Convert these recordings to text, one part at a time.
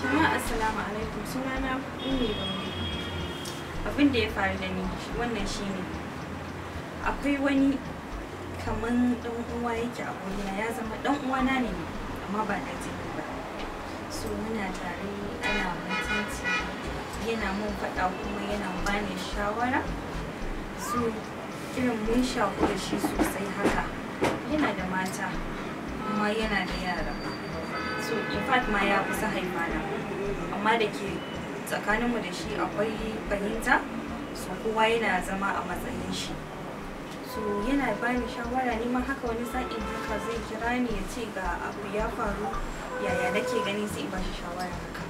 jama'a assalamu alaikum sunana ummi abin da ya faru da ni wannan shine akwai wani kaman dan uwa yake a gona ya zama dan uwana ne amma ba da ba so muna tare ana mutunci yana mun faɗa kuma yana bani shawara so irin mun shaku da shi sosai haka yana da mata kuma yana da yara so in fact ma ya kusa haifa na amma da ke tsakaninmu da shi akwai fahimta so kowa yana zama a matsayin shi so yana ni shawara ne ma haka wani sa'in haka zai kira ni ya ce ga abu ya faru yaya nake gani sai in shi shawara haka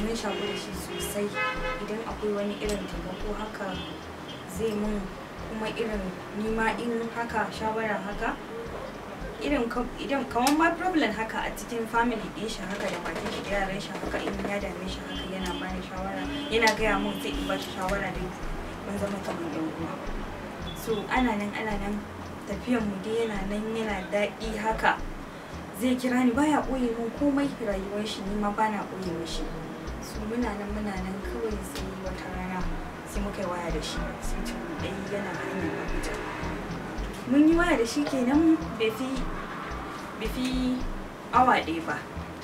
mun shaku da shi sosai idan akwai wani irin taimako haka zai mun kuma irin nima in haka shawara haka irin kamar ma problem haka a cikin family din shi haka da matan shi yaran shi haka in ya dame shi haka yana ni shawara yana gaya mun sai in ba shi shawara da mun zama kamar mun uwa so ana nan ana nan tafiyan mu dai yana nan yana daɗi haka zai kira ni baya ɓoye mun komai rayuwar shi ni ma bana ɓoye mishi so muna nan muna nan kawai sai wata rana sai muka yi waya da shi sai ce yana hanyar Abuja mun yi waya da shi kenan bai fi awa ɗaya ba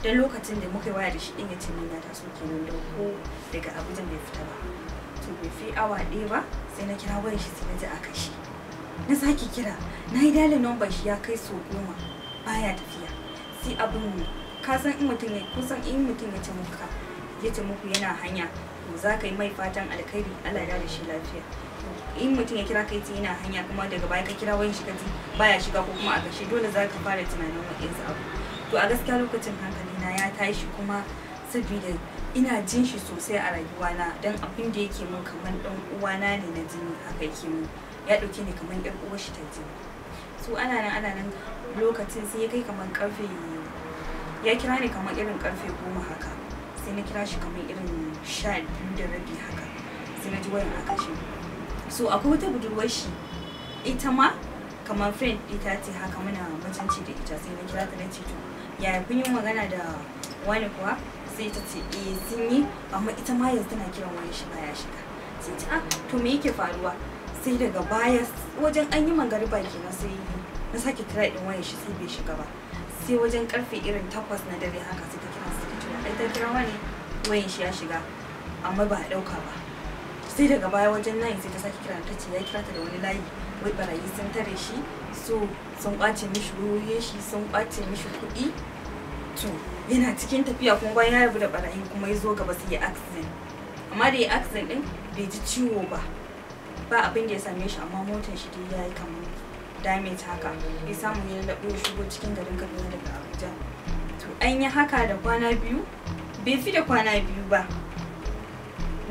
don lokacin da muka yi waya da shi ɗin ya ce ya taso kenan da ko daga abujan bai fita ba to bai fi awa ɗaya ba sai na kira waya shi sai na ji a kashi na sake kira na yi dalin nomba shi ya kai so goma baya tafiya sai abin ka san in mutum ya in mutum ya ce muka yace muku yana hanya to za ka yi mai fatan alkhairi Allah ya da shi lafiya in mutum ya kira kai ce yana hanya kuma daga baya ka kira wani shiga baya shiga ko kuma a gashi dole za ka fara tunanin waɗansu abu to a gaskiya lokacin hankali na ya tashi kuma saboda ina jin shi sosai a rayuwana don abin da yake mun kamar dan uwana ne na jini haka yake mun ya ɗauke ni kamar 'yan uwar shi ta jini so ana nan ana nan lokacin sai ya kai kamar karfe ya kira ni kamar irin karfe goma haka sai na kira shi kamar irin sha biyu da rabi haka sai na ji wayan aka ce so akwai wata budurwar shi ita ma kamar friend ita ce haka muna mutunci da ita sai na kira ta na ce to yaya kun yi magana da wani kuwa sai ta ce eh sun yi amma ita ma yanzu tana kiran wani shi baya shiga sai ta ah, to me yake faruwa sai daga baya wajen an yi magariba kenan sai na sake kira din wani shi sai bai shiga ba sai wajen karfe irin takwas na dare haka sai ta ai ta kira wani wayan shi ya shiga amma ba a ɗauka ba sai daga baya wajen layin sai ta sake kira ta ce ya kira ta da wani layi wai barayi sun tare shi so sun kwace mishi ruwaye shi sun kwace mishi kuɗi to yana cikin tafiya kuma bayan ya rabu da barayi kuma ya zo gaba sai ya accident amma da ya accident din bai ji ciwo ba ba abin da ya same shi amma motar shi dai ya yi kamar damage haka ya samu ya laɓo shigo cikin garin kaduna daga abuja to an yi haka da kwana biyu bai fi da kwana biyu ba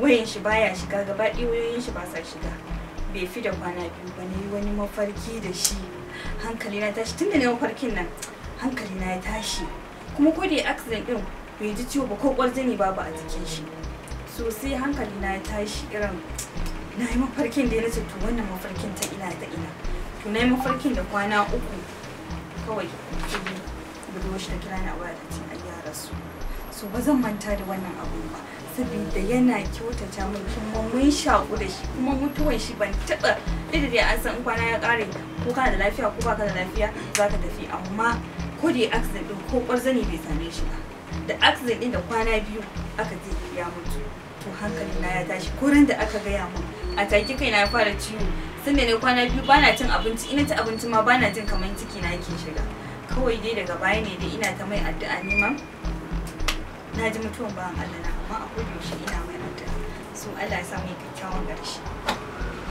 wayan shi baya shiga gaba wayoyin shi ba sa shiga bai fi da kwana biyu ba na yi wani mafarki da shi hankali na tashi tunda na mafarkin nan hankali na ya tashi kuma ko da accident din bai ji ciwo ba ko ne babu a jikin shi sosai hankali na ya tashi irin na yi mafarkin da ya nace to wannan mafarkin ta ina ta ina to na yi mafarkin da kwana uku kawai budurwar shi a waya rasu so ba manta da wannan abu ba saboda yana kyautata min kuma mun shaƙu da shi kuma mutuwan shi ban taɓa duk da an san kwana ya ƙare ko kana da lafiya ko baka da lafiya za ka tafi amma ko da accident din ko ƙwarzani bai same shi ba da accident din da kwana biyu aka je ya mutu to hankali na ya tashi ko ran da aka gaya mun a taki kai na ya fara ciwo sun ne kwana biyu bana cin abinci ina ci abinci ma bana jin kamar ciki na yake shiga kawai dai daga baya ne da ina ta mai addu'a neman na ji mutuwan bayan Allah na amma a kodayaushe ina mai addu'a so Allah ya sa mai kyakkyawan ƙarshe